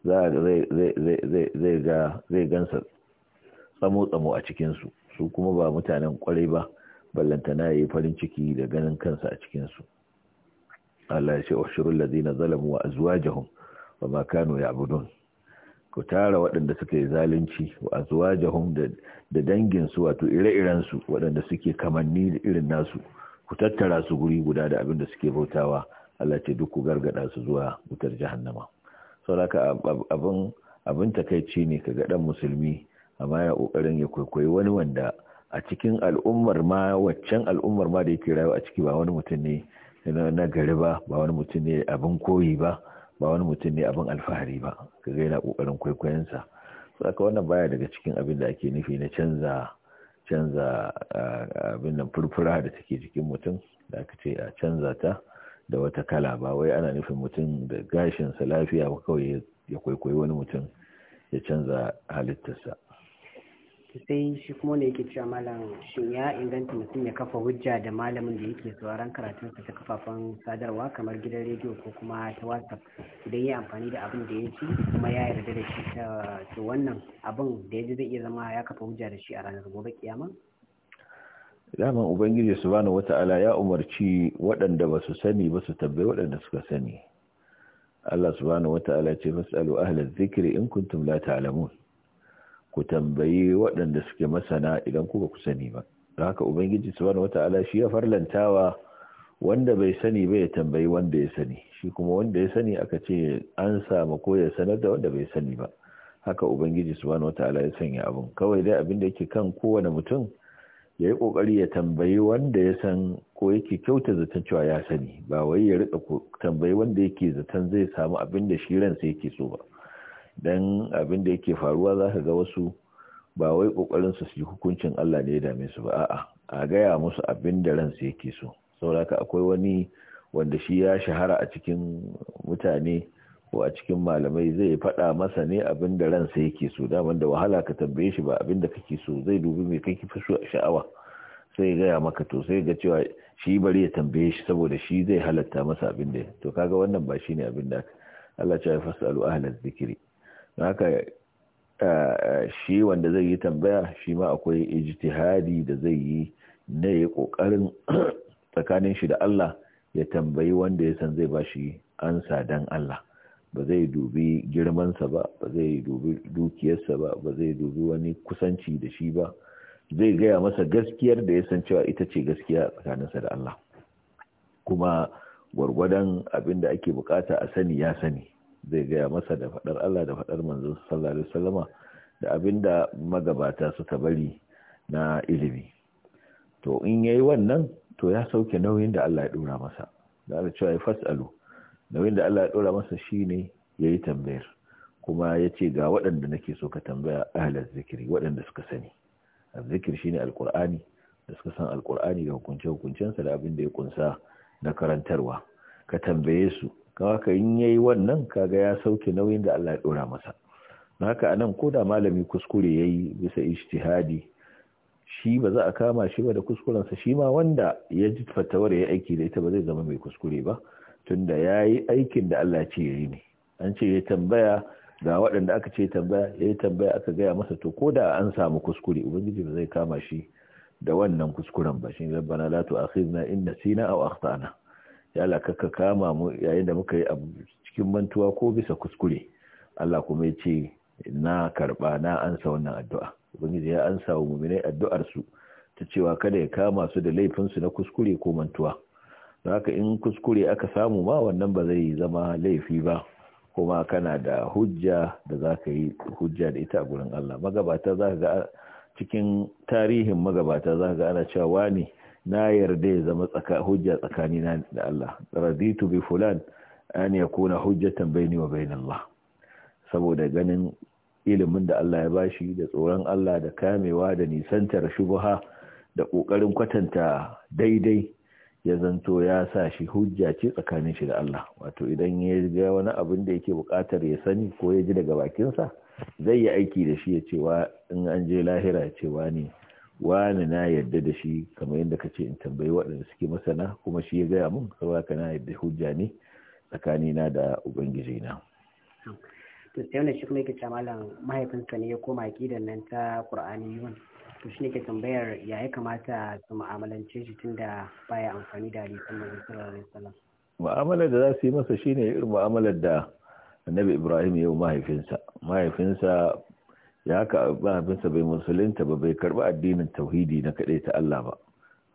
za zai gansa tsamo-tsamo a cikinsu su kuma ba mutanen kwarai ba ballantana ya yi farin ciki da ganin kansa a cikinsu Allah ya ce ashirin lazina zalamu wa azwajahum wa ma ya ya'budun ku tara waɗanda suka yi zalunci wa jahum da danginsu wato ire-irensu waɗanda suke kamanni da irin nasu ku tattara su guri guda da abin da suke bautawa Allah ce duk ku gargada su zuwa wutar jahannama sauraka abin abin takaici ne kaga ɗan musulmi amma ya ƙoƙarin ya kwaikwayi wani wanda a cikin al'ummar ma waccan al'ummar ma da yake rayuwa a ciki ba wani mutum ne na gari ba ba wani mutum ne abin koyi ba ba wani mutum ne abin alfahari ba ka kaga yana kokarin kwaikwayonsa saboda wannan baya daga cikin abin da ake nufi na canza canza ah, abin nan furfura da take jikin mutum da aka ce a canza ta da wata kala ba wai ana nufin mutum da gashinsa lafiya ba kawai ya kwaikwayi wani mutum ya canza halittarsa sai shi kuma ne yake cewa malam shin ya inganta mutum ya kafa hujja da malamin da yake sauraron sa ta kafafen sadarwa kamar gidan rediyo ko kuma ta whatsapp idan ya amfani da abin da ya ci kuma ya yarda da shi ta wannan abin da ya ji zai iya zama ya kafa hujja da shi a ranar gobe kiyama daman ubangiji su subhanahu wata'ala ya umarci waɗanda ba su sani ba su tambayi waɗanda suka sani Allah su subhanahu wata'ala ce mas'alu ahalar zikiri in kuntum la alamun ku tambayi waɗanda suke masana idan ku ba ku sani ba da haka ubangiji su subhanahu wata'ala shi ya farlantawa wanda bai sani ba ya tambayi wanda ya sani shi kuma wanda ya sani aka ce an samu ko ya sanar da wanda bai sani ba haka ubangiji su subhanahu wata'ala ya sanya abin kawai dai abin da yake kan kowane mutum ya yi ƙoƙari ya tambayi wanda ya san ko yake kyauta zaton cewa ya sani ba wai ya rika tambayi wanda yake zaton zai samu abin da shi ransa yake so ba dan abin da yake faruwa za ka ga wasu ba wai ƙoƙarin su su hukuncin Allah ne ya dame su ba a'a a gaya musu abin da ransa yake so saboda akwai wani wanda shi ya shahara a cikin mutane ko a cikin malamai zai faɗa masa ne abin da ransa yake so dama da wahala ka tambaye shi ba abin da kake so zai dubi mai kake fi sha'awa sai gaya maka to sai ga cewa shi bari ya tambaye shi saboda shi zai halatta masa abin da to kaga wannan ba shine abin da Allah ya alu ahli zikri haka shi wanda zai yi tambaya shi ma akwai ijtihadi da zai yi na ya kokarin tsakanin shi da Allah ya tambayi wanda ya san zai ba shi ansa dan Allah ba zai dubi girmansa ba ba zai dubi dukiyarsa ba ba zai dubi wani kusanci da shi ba zai gaya masa gaskiyar da ya san cewa ita ce gaskiya tsakaninsa da Allah kuma gwargwadon abin da ake bukata a sani ya sani zai gaya masa da faɗar Allah da faɗar manzon sallallahu alaihi wasallama da abin da magabata suka bari na ilimi to in yayi wannan to ya sauke nauyin da Allah ya dora masa da Allah cewa fasalu nauyin da Allah ya ɗora masa shine ya yi tambayar kuma ya ce ga waɗanda nake so ka tambaya ahalar zikiri waɗanda suka sani zikir shine alkur'ani da suka san alkur'ani da hukunce hukuncensa da abin da ya kunsa na karantarwa ka tambaye su kawai ka in yayi wannan kaga ya sauke nauyin da Allah ya ɗora masa haka anan ko da malami kuskure ya yi bisa ijtihadi shi ba za a kama shi ba da kuskurensa shi ma wanda ya ji fatawar ya aiki da ita ba zai zama mai kuskure ba tunda ya yi aikin da Allah ce ya yi ne an ce ya tambaya ga waɗanda aka ce tambaya ya tambaya aka gaya masa to ko da an samu kuskure ubangiji ba zai kama shi da wannan kuskuren ba shi rabbana la tu'akhidna in nasina aw akhtana ya Allah kaka kama mu yayin da muka yi abu cikin mantuwa ko bisa kuskure Allah kuma ya ce na karba na ansa wannan addu'a ubangiji ya ansa wa mu'minai addu'ar su ta cewa kada ya kama su da laifin su na kuskure ko mantuwa haka in kuskure aka samu ma wannan ba zai zama laifi ba kuma kana da hujja da za ka yi hujja da ita a gurin Allah magabata za ga cikin tarihin magabata za ga ana cewa wani na yarda ya zama hujja tsakani na da Allah raditu bi fulan an ya kuna hujjatan baini wa bain Allah saboda ganin ilimin da Allah ya bashi da tsoron Allah da kamewa da nisantar shubha da kokarin kwatanta daidai ya zanto ya sa shi hujja ce tsakanin shi da Allah wato idan ya ga wani abin da yake bukatar ya sani ko ya ji daga bakinsa zai yi aiki da shi ya ce wa in an je lahira ya ce wani wani na yarda da shi kamar yadda kace in tambayi waɗanda suke masana kuma shi ya gaya mun saboda na yadda hujja ne tsakanina da ubangiji na to sai wannan shi kuma yake malam mahaifinsa ne ya koma gidan nan ta Qur'ani to shi ke tambayar ya ya kamata su mu'amalance shi tun da baya amfani da hadisan manzon sallallahu mu'amalar da za su yi masa shine irin mu'amalar da annabi ibrahim yi mahaifinsa mahaifinsa ya haka mahaifinsa bai musulunta ba bai karbi addinin tauhidi na kaɗai ta Allah ba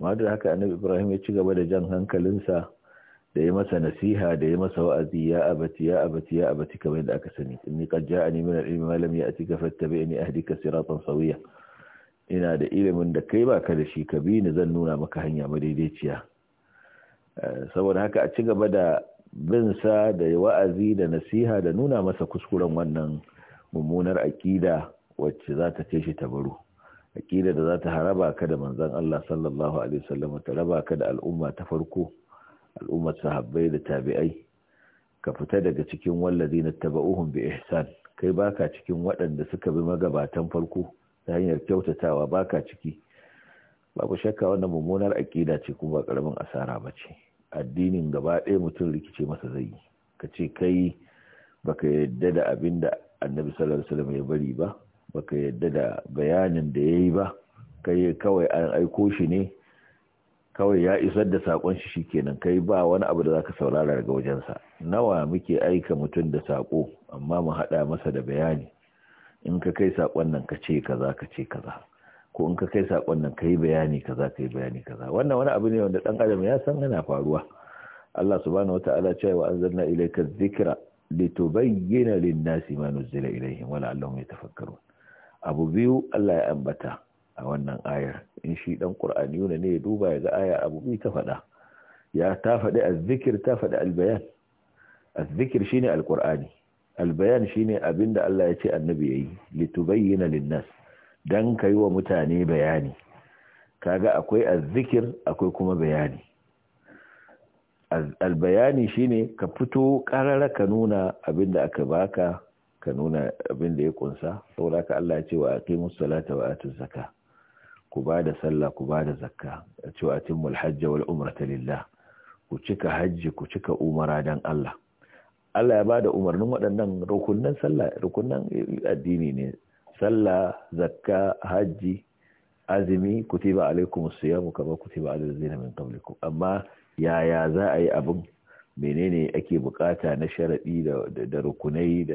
amma da haka annabi ibrahim ya ci gaba da jan hankalinsa da ya masa nasiha da ya masa wa'azi ya abati ya abati ya abati kamar yadda aka sani inni qad ja'ani min al-ilmi ma lam ya'tika fattabi'ni ahdika siratan sawiya ina da ilimin da kai baka da shi ka bi ni zan nuna maka hanya madaidaiciya eh, saboda haka a ci gaba da bin sa da wa'azi da nasiha da nuna masa kuskuren wannan mummunar aƙida wacce za ta kai shi baro aƙida da za ta haraba ka da manzon Allah sallallahu alaihi wasallam ta raba ka da al'umma ta farko al'ummar sahabbai da tabi'ai ka fita daga cikin wallazina taba'uhum bi ihsan kai baka cikin waɗanda suka bi magabatan farko ta hanyar kyautatawa baka ciki babu shakka wannan mummunar aƙida ce kuma ƙaramin asara ba ce addinin gaba ɗaya mutum rikice masa zai yi ka ce kai baka yadda da abin da annabi sallallahu alaihi ya bari ba baka yadda da bayanin da ya yi ba kai kawai an aiko shi ne kawai ya isar da saƙon shi kenan kai ba wani abu da zaka saurara daga wajensa nawa muke aika mutum da saƙo amma mu haɗa masa da bayani in ka kai saƙon nan ka ce kaza ka ce kaza ko in ka kai sakon nan ka yi bayani kaza ka yi bayani kaza wannan wani abu ne wanda dan adam ya san yana faruwa Allah subhanahu wataala cewa wa anzalna ilayka dhikra litubayyana lin-nasi ma nuzila ilayhim wa la'allahum yatafakkarun abu biyu Allah ya ambata a wannan ayar in shi dan qur'ani ne ya duba ya ga aya abu biyu ta faɗa ya ta faɗi ta faɗi albayan azzikir shine Alkur'ani. albayan shine abinda Allah ya ce annabi yayi litubayyana linnas dan kai wa mutane bayani kaga akwai azzikir akwai kuma bayani albayani shine ka fito karara ka nuna abinda aka baka ka nuna abinda ya kunsa saboda ka Allah ya ce wa aqimus salata wa atuz zakah ku bada sallah ku bada zakka a cewa timmul hajji wal umrata lillah ku cika hajji ku cika umara dan Allah Allah ya bada umarnin waɗannan rukunan sallah rukunan addini ne sallah zakka hajji azumi kutiba alaikum siyamu kama kutiba alal min qablikum amma yaya za a yi abin menene ake bukata na sharadi da rukunai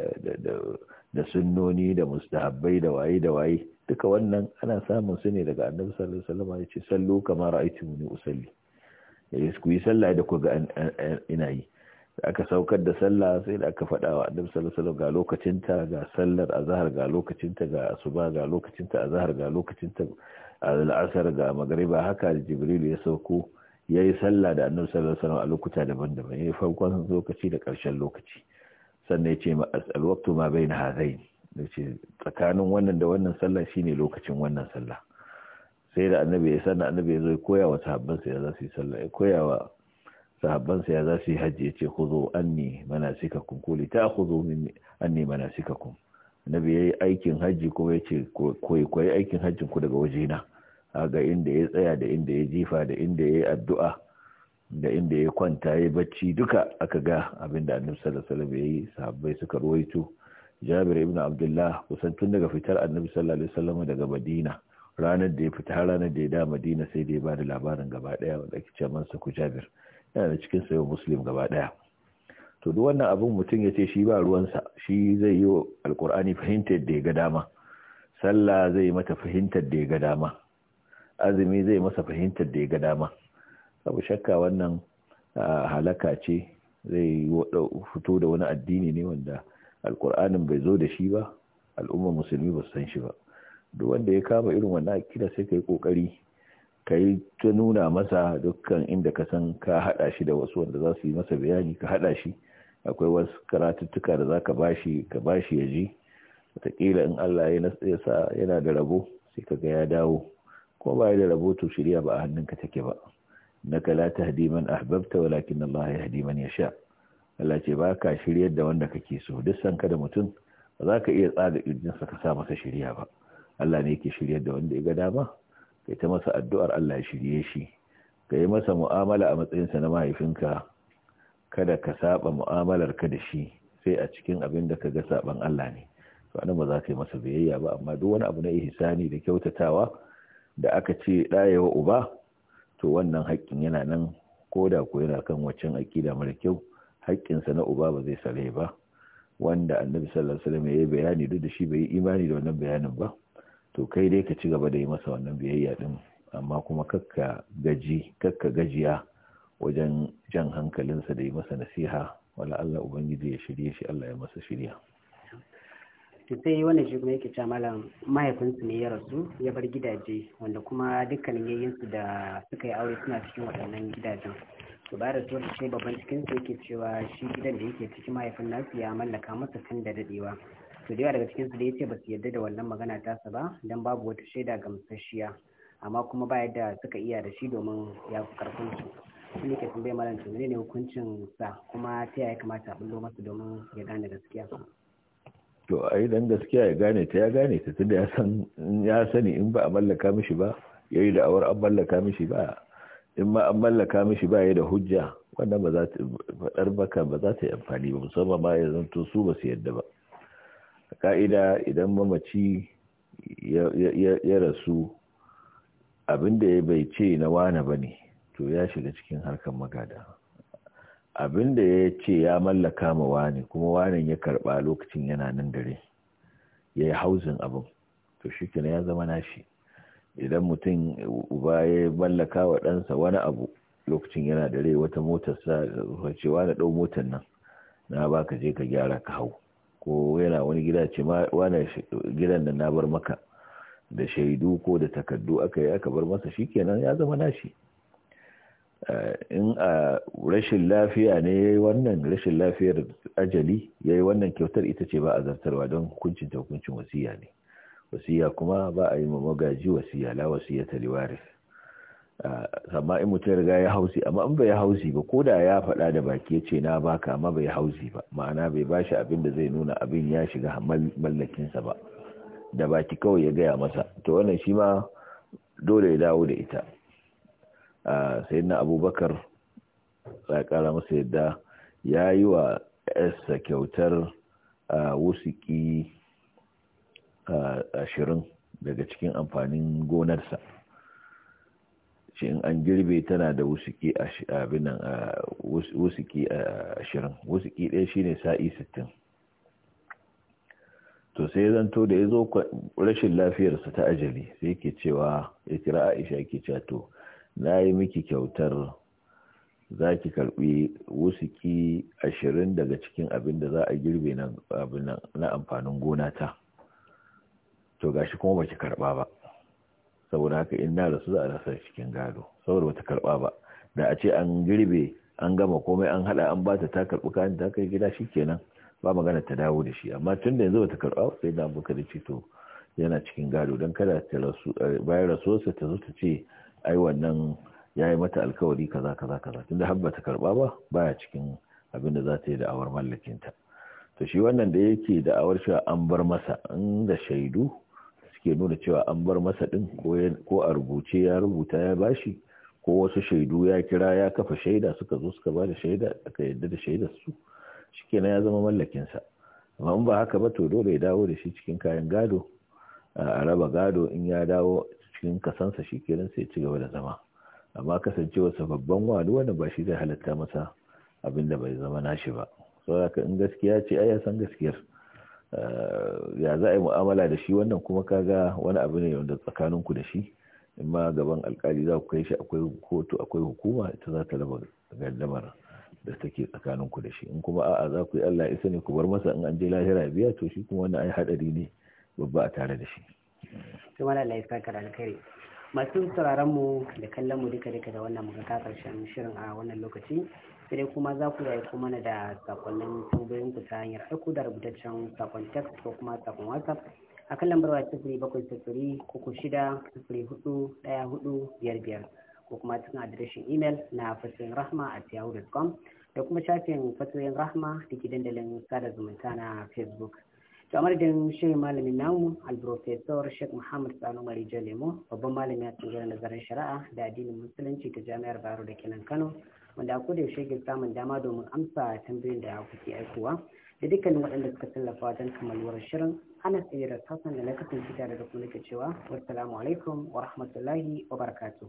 da sunnoni da mustahabbai da waye da waye duka wannan ana samun su ne daga annabi sallallahu alaihi wasallam ya ce sallu kama ra'aytumuni usalli yayin ku yi sallah da ku ga ina yi da aka saukar da sallah sai da aka faɗa wa annabi sallallahu alaihi ga lokacinta ga sallar azhar ga lokacinta ga asuba ga lokacinta azhar ga lokacinta al'asar ga magriba haka jibril ya sauko yayi sallah da annabi sallallahu alaihi a lokuta daban-daban yayi farkon lokaci da ƙarshen lokaci sannan ya ce al-waqtu ma baina da ce tsakanin wannan da wannan sallah shine lokacin wannan sallah sai da annabi ya sanna annabi ya zo ya koya wa sahabbansa ya za su yi sallah ya koya wa sahabbansa ya za su yi hajji ya ce kuzo anni kun ko li ta'khudhu min anni manasikakum ya yayi aikin hajji ko ya ce kwaikwayi aikin hajjin ku daga waje na ga inda ya tsaya da inda ya jifa da inda ya addu'a da inda ya kwanta ya bacci duka aka ga abinda annabi sallallahu alaihi wasallam yayi sahabbai suka ruwaito Jabir ibn Abdullah kusan tun daga fitar annabi sallallahu alaihi wasallam daga Madina ranar da ya fita ranar da ya da Madina sai da ya ba da labarin gaba daya wanda ake cewa ku Jabir yana da cikin sayo muslim gaba daya to duk wannan abin mutum ya ce shi ba ruwansa shi zai yi wa alkur'ani fahimtar da ya ga dama sallah zai mata fahimtar da ya ga dama azumi zai masa fahimtar da ya ga dama abu shakka wannan halaka ce zai fito da wani addini ne wanda alkur'anin bai zo da shi ba al'ummar musulmi ba su san shi ba duk wanda ya kama irin wannan akida sai kai kokari ka yi ta nuna masa dukkan inda ka san ka haɗa shi da wasu wanda za su yi masa bayani ka haɗa shi akwai wasu karatuttuka da za ka bashi ka bashi ya ji watakila in Allah yana da rabo sai ka ga ya dawo ko ba da rabo to shirya ba a hannun ka take ba na la hadi man ahbabta walakin Allah hadiman man sha Allah ce ba ka shiryar da wanda kake so duk san ka da mutum ba za ka iya tsaga kirjinsa ka sa masa shirya ba Allah ne yake shiryar da wanda ya ga dama kai ta masa addu'ar Allah shirye shi ka yi masa mu'amala a matsayinsa na mahaifinka kada ka saba mu'amalar ka da shi sai a cikin abin da ka ga saban Allah ne to anan ba za ka yi masa biyayya ba amma duk wani abu na ihsani da kyautatawa da aka ce ɗayewa uba to wannan haƙƙin yana nan ko da ko yana kan waccan aƙida mara kyau haƙƙinsa na uba ba zai sare ba wanda annabi sallallahu alaihi wasallam ya yi bayani duk da shi bai yi imani da wannan bayanin ba to kai dai ka ci gaba da yi masa wannan biyayya din amma kuma kakka gaji kakka gajiya wajen jan hankalinsa da yi masa nasiha wala Allah ubangiji ya shirye shi Allah ya masa shirya to sai wannan shi kuma yake cewa malam mahaifinsu ne ya rasu ya bar gidaje wanda kuma dukkanin yayyinsu da suka yi aure suna cikin wadannan gidajen to ba da zuwa babban cikin su yake cewa shi gidan da yake cikin mahaifin nasu ya mallaka masa tun da dadewa to da yawa daga cikin su da yace ba su yarda da wannan magana ta sa ba dan babu wata shaida gamsasshiya amma kuma ba yadda suka iya da shi domin ya fi karfin su shi ne ke tambaye malam to ne hukuncin sa kuma ta yaya kamata a bullo masa domin ya gane gaskiya to a yi dan gaskiya ya gane ta ya gane ta tunda ya san ya sani in ba a mallaka mishi ba yayi da awar an mallaka mishi ba in ma an mallaka mishi ba ya da hujja wannan ba za ta faɗar baka ba za ta yi amfani ba musamman ma ya zanto su ba su yadda ba ka'ida idan mamaci ya rasu abinda ya bai ce na wane ba ne to ya shiga cikin harkar magada abinda ya ce ya mallaka ma wane kuma wane ya karba lokacin yana nan dare ya yi hauzin abin to shi ya zama nashi idan mutum uba ya mallaka wa ɗansa wani abu lokacin yana dare wata motarsa wacewa da ɗau motar nan na ba ka je ka gyara ka hau ko yana wani gida ce ma wani gidan da na bar maka da shaidu ko da takardu aka yi aka bar masa kenan ya zama nashi eh, in a rashin lafiya ne ya yi wannan rashin lafiyar ajali ya yi wannan kyautar ita ce ba a zartarwa don hukuncin ta hukuncin wasiya ne wasiya kuma ba a yi ma magaji wasiya la wasiya ta liwaris amma in mutum riga ya hausi amma in bai hausi ba ko da ya faɗa da baki ya ce na baka amma bai hausi ba ma'ana bai ba shi abin da zai nuna abin ya shiga mallakinsa ba da baki kawai ya gaya masa to wannan shi ma dole ya dawo da ita sai na abubakar ya kara masa yadda ya yi wa yarsa kyautar wusiki ashirin daga cikin amfanin gonarsa ce in an girbe tana da wusuki abinan wusuki ashirin wusuki ɗaya shine sa'i sittin to sai ya zanto da ya zo rashin lafiyarsa ta ajali sai ke cewa ya kira aisha yake cewa to na yi miki kyautar za ki karbi wusuki ashirin daga cikin abin da za a girbe na amfanin gona ta to gashi kuma baki karɓa ba saboda haka in na rasu za a rasa cikin gado saboda bata karba ba da a ce an girbe an gama komai an hada an bata ta karbi kayan ta kai gida shikenan ba magana ta dawo da shi amma tun da yanzu bata karba sai da abubakar ce to yana cikin gado dan kada ta rasu bayan sai ta zo ta ce ai wannan yayi mata alkawari kaza kaza kaza tunda har bata karba ba baya cikin abin da za ta yi da'awar mallakinta to shi wannan da yake da'awar cewa an bar masa inda shaidu ke nuna cewa an bar masa ɗin ko a rubuce ya rubuta ya bashi ko wasu shaidu ya kira ya kafa shaida suka zo suka bada da shaida aka yadda da shaidar su kenan ya zama mallakinsa amma in ba haka ba to dole ya dawo da shi cikin kayan gado a raba gado in ya dawo cikin kasansa shi shikenan sai ci gaba da zama amma sa babban wani wanda ba shi zai halatta masa abin da bai zama nashi ba saboda in gaskiya ce ai ya san gaskiyar Eh, ya za a yi mu'amala da shi wannan kuma kaga wani abu ne wanda tsakaninku da shi in ma gaban alkali za ku kai shi akwai kotu akwai hukuma ita za ta raba gardamar da take tsakaninku da shi in kuma a'a za ku yi Allah isa ne ku bar masa in an je lahira biya to shi kuma wannan ai hadari ne babba a tare da shi to na Allah ya saka da alkhairi masu sauraron mu da kallon mu duka duka da wannan muka karshen shirin a wannan lokaci sai kuma za ku yi kuma na da sakonnin tambayoyin ku ta hanyar aiko da rubutaccen sakon text ko kuma sakon whatsapp a kan lambar waya sifiri bakwai sifiri uku shida sifiri hudu ɗaya hudu biyar biyar ko kuma cikin adireshin imel na fasirin rahma a tiyahu.com da kuma shafin fasirin rahma da ke dandalin sada zumunta na facebook to da shirin malamin namu alprofesor sheikh muhammad sanu marijan lemo babban malami a tsibirin nazarin shari'a da addinin musulunci ta jami'ar bayero da kenan kano wanda a koda yaushe ke samun dama domin amsa tambayoyin da kuke aikowa da dukkanin waɗanda suka tallafa don kammaluwar shirin ana tsira kasan da na kasance tare da kuma nake cewa wassalamu alaikum wa rahmatullahi wa barakatuh